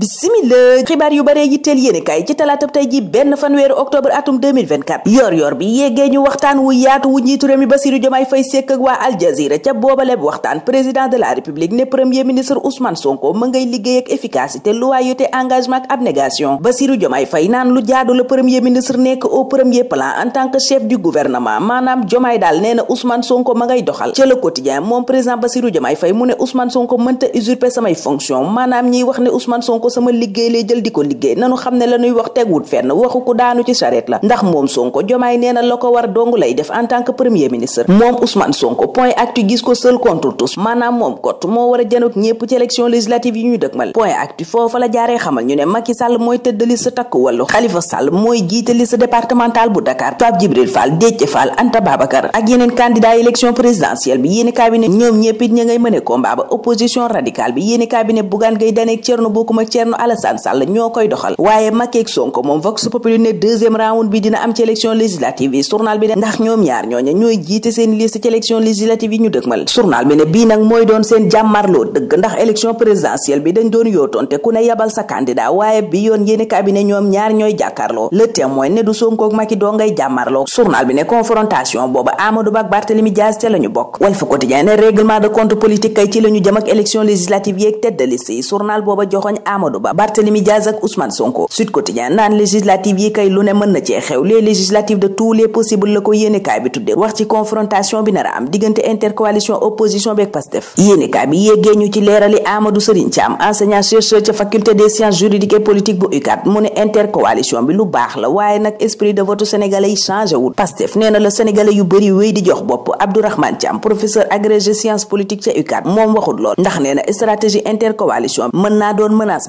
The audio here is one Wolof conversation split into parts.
bisimila xibaar yu bare yitteel yéenekaay ci talaatab tey ji benn fanweeru octobre atum yor yor bi yeggee ñu waxtaan wu yaatu wu njiitu réew mi Bassirou Diomaye sekk waa Al Jazeera ca boobaleb waxtaan président de la république ne premier ministre Ousmane Sonko ma ngay liggéey ak efficacité loyauté engagement ak abnégation Bassirou Diomaye Faye naan lu jaadu la premier ministre nekk au premier plan en tant que chef du gouvernement maanaam Diomaye daal nee na Ousmane ma ngay doxal ca le quotidien moom président Bassirou Diomaye sama liggéey lay jël di ko liggéey nanu xam ne la ñuy wax tegwut fenn waxu ku daanu ci sareet la ndax moom Sonko jomaay nee na la ko war dong lay def en tant que premier ministre moom Ousmane Sonko point actu gis ko seul contre tous maanaam moom kot moo war a janoog ñépp ci élection législative yi ñu dëgmal point actu foofa la jaaree xamal ñu ne Macky Sall mooy tëdd liste takk wallu Khalifa Sall mooy jiite liste départementale bu Dakar Pape Djibril Fall Thierno Alassane Sall ñoo koy doxal waaye Macky Sonko moom Vox Populi ne deuxième round bi dina am ci élection législative yi journal booba Amadou Ba Amadou Ba Barthélemy Sonko Sud Quotidien naan législative yi kay lu ne mën na cee xew les législatives de tous les possibles la ko yéenekaay bi tudde wax ci confrontation bi nara am diggante intercoalition opposition beeg Pastef yéenekaay bi yéegee ñu ci leerali Amadou Serigne Thiam enseignant chercheur ca faculté des sciences juridiques et politiques bu UCAD mu ne intercoalition bi lu baax la waaye nag esprit de vote sénégalais yi changé wul Pastef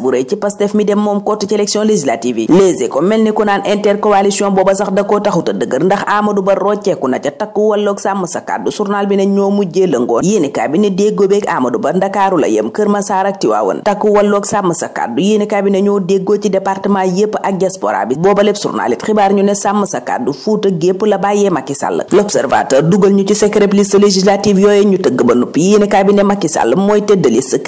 bu rëy ci pastef mi dem moom kott ci élection législative yi les éco mel ni ku naan intercoalition booba sax da koo a dëgër ndax Amadou Ba rocceeku na ca takku walloog sàmm sa kàddu journal bi ne ñoo déggoo ci département yépp ak diaspora bi booba lépp journal xibaar ñu ne sàmm sa kàddu fuuta gépp la bàyyee Macky Sall l'observateur dugal ñu ci secret liste législative yooyu ñu tëgg ba noppi yéenekaay bi ne Macky Sall mooy tëdd liste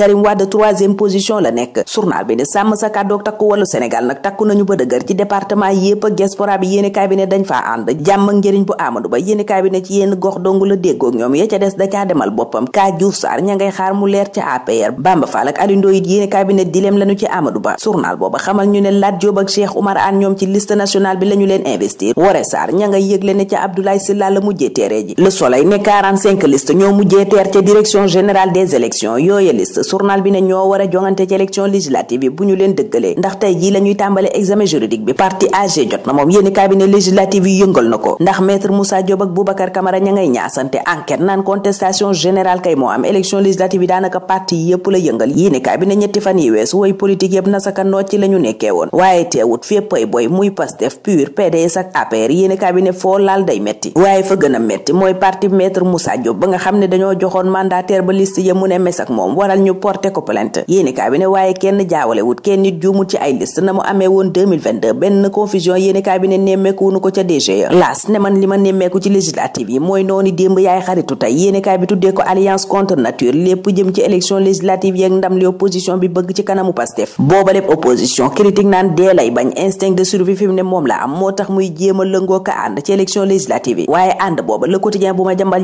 journal bi ne sàmm sa kàddoog takku wàllu Sénégal nag takku nañu a dëgër ci département yépp ak diaspora bi yéeni kaay bi ne dañ faa ànd jàmm ak bu Amadou Ba yéeni kaay bi ne ci yenn gox Bamba Fall ak Aliou Ndoye it yéeni bi ne dileem lañu ci Amadou Ba journal booba xamal ñu ne Lat Diop ak Cheikh Oumar Anne ñoom ci liste nationale bi lañu leen investir Woré Sarr ña nga yëgle ne ca Abdoulaye la mujjee teere ji Le Soleil ne 45 liste ñoo ñoo war a parti bi bu ñu leen dëggalee ndax tey jii la ñuy examen juridique bi parti AG jot na moom yéeni cabinet législative yi yëngal na ko ndax maître Moussa Diop a metti ba nga xam ne dañoo joxoon mandataire ba liste ya mu ne mes ak moom waral ñu porté ko plainte yéeni cabinet waaye kenn jaa jaawalewut kenn nit juumut ci ay liste na mu amee woon 2022 benn confusion yéeni kaay nemmeeku ci législative yi mooy noonu démb yaay xaritu tey yéeni kaay tuddee ko alliance contre nature lépp jëm ci élection législative yeeg ndam li opposition bi bëgg ci kanamu Pastef booba lépp opposition critique naan dee bañ instinct de survie fi ne moom la am moo tax muy jéem a lëngoo ka ànd ci élection législative yi waaye ànd booba le quotidien bu ma jambal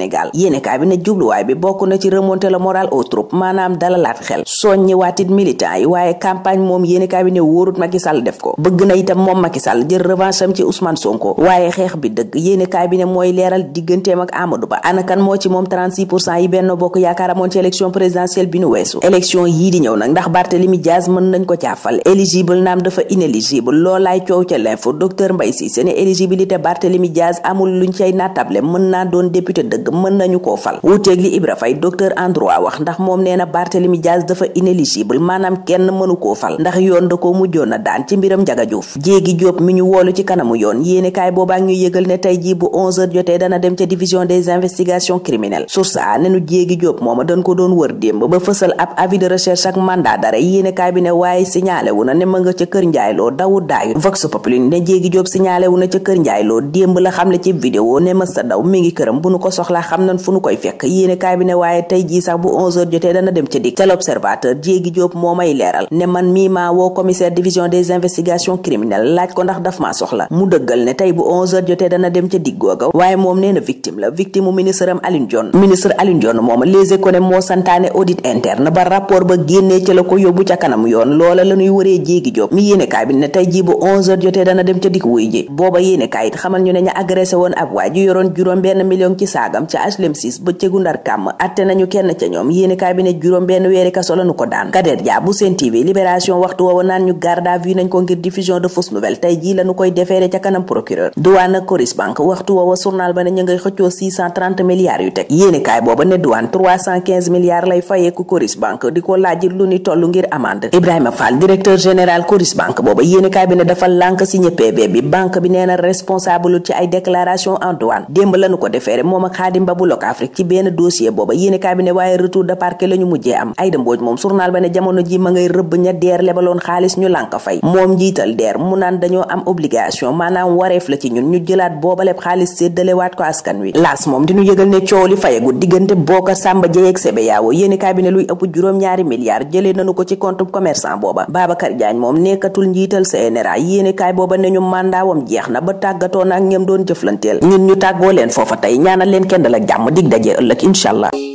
Sénégal yéenekaay bi ne jubluwaay bi bokk na ci remonter le moral aux troupes maanaam dalalaat xel soññi waatit militant yi waaye campagne moom yéenekaay bi ne wóorut Macky def ko bëgg na itam moom Macky Sall jël revanche ci Ousmane Sonko waaye xeex bi dëgg yéenekaay bi ne mooy leeral digganteem ak Amadou Ba ana moo ci moom yi Benno Bokk Yaakaar amoon ci élection présidentielle bi nu weesu élection yii di ñëw nag ndax Barthélemy Diaz mën nañ ko mën nañu koo fal wuuteeg li Ibra fay docteur en droit wax ndax moom nee na mi Dias dafa inéligible maanaam kenn mënu koo fal ndax yoon da koo mujjoon a daan ci mbiram Njaga Juuf jéegi Jóob mi ñu woolu ci kanamu yoon yéene kaay boobaa ñu yëgal ne tey jii bu 11h jotee dana dem ca division des investigations criminelles source a nenu jéegi Jóob a dañ ko doon wër démb ba fësal ab avis de recherche ak mandat d'arrêt yéene kaay bi ne waaye signalé wu na ne ma nga ca kër Njaay Loo dawu daayu vox populi ne jéegi Jóob signalé wu na ca kër Njaay Loo démb la ci vidéo ne mës sa daw mi ngi këram bu ko soxla soxla xam nañ fu nu koy fekk yéene kaay bi ne waaye tey jii sax bu 11 heures jotee dana dem ca dik ca l'observateur jéegi wuy ji booba yéene kaay it xamal ñu ne ña agressé woon ab waa ji yoroon juróom benn million ci saaga nangam ca HLM 6 bëccëgu ndar kàmm atte nañu kenn ca ñoom yéenekaay bi ne juróom benn weeri kaso la ko daan Kader Dia bu TV Libération waxtu woowu naan ñu garde à vue nañ ko ngir diffusion de fausse nouvelle tey jii la koy defeere ca kanam procureur douane ak Coris Bank waxtu woowu journal ba ne ñu xëccoo milliards yu teg yéenekaay booba ne douane 315 milliards lay fayeeku Coris Bank di ko laaj lu ni toll ngir amande Ibrahima Khadim Babou Lok Afrique ci benn dossier booba yéenekaay bi ne waaye retour de parquet la ñu mujjee am Aïda Mbodj moom journal ba ne jamono ji ma ngay rëbb ña deer lebaloon xaalis ñu lànk fay moom njiital deer mu naan dañoo am obligation maanaam wareef la ci ñun ñu jëlaat boobaleb xaalis séddalewaat ko askan wi laas moom di ñu yëgal ne coow li fayagut diggante Bocar Samba Dièye ak CBAO yéenekaay bi ne luy ëpp juróom-ñaari milliards jëlee nañu ko ci compte commerçant booba Babacar Diagne moom nekkatul njiital CNRA yéenekaay booba ne na ba tàggatoon ak ñem doon jëflanteel ñun ñu tàggoo leen foofa dalal ak jàmm dig daje ëllëg incha allah.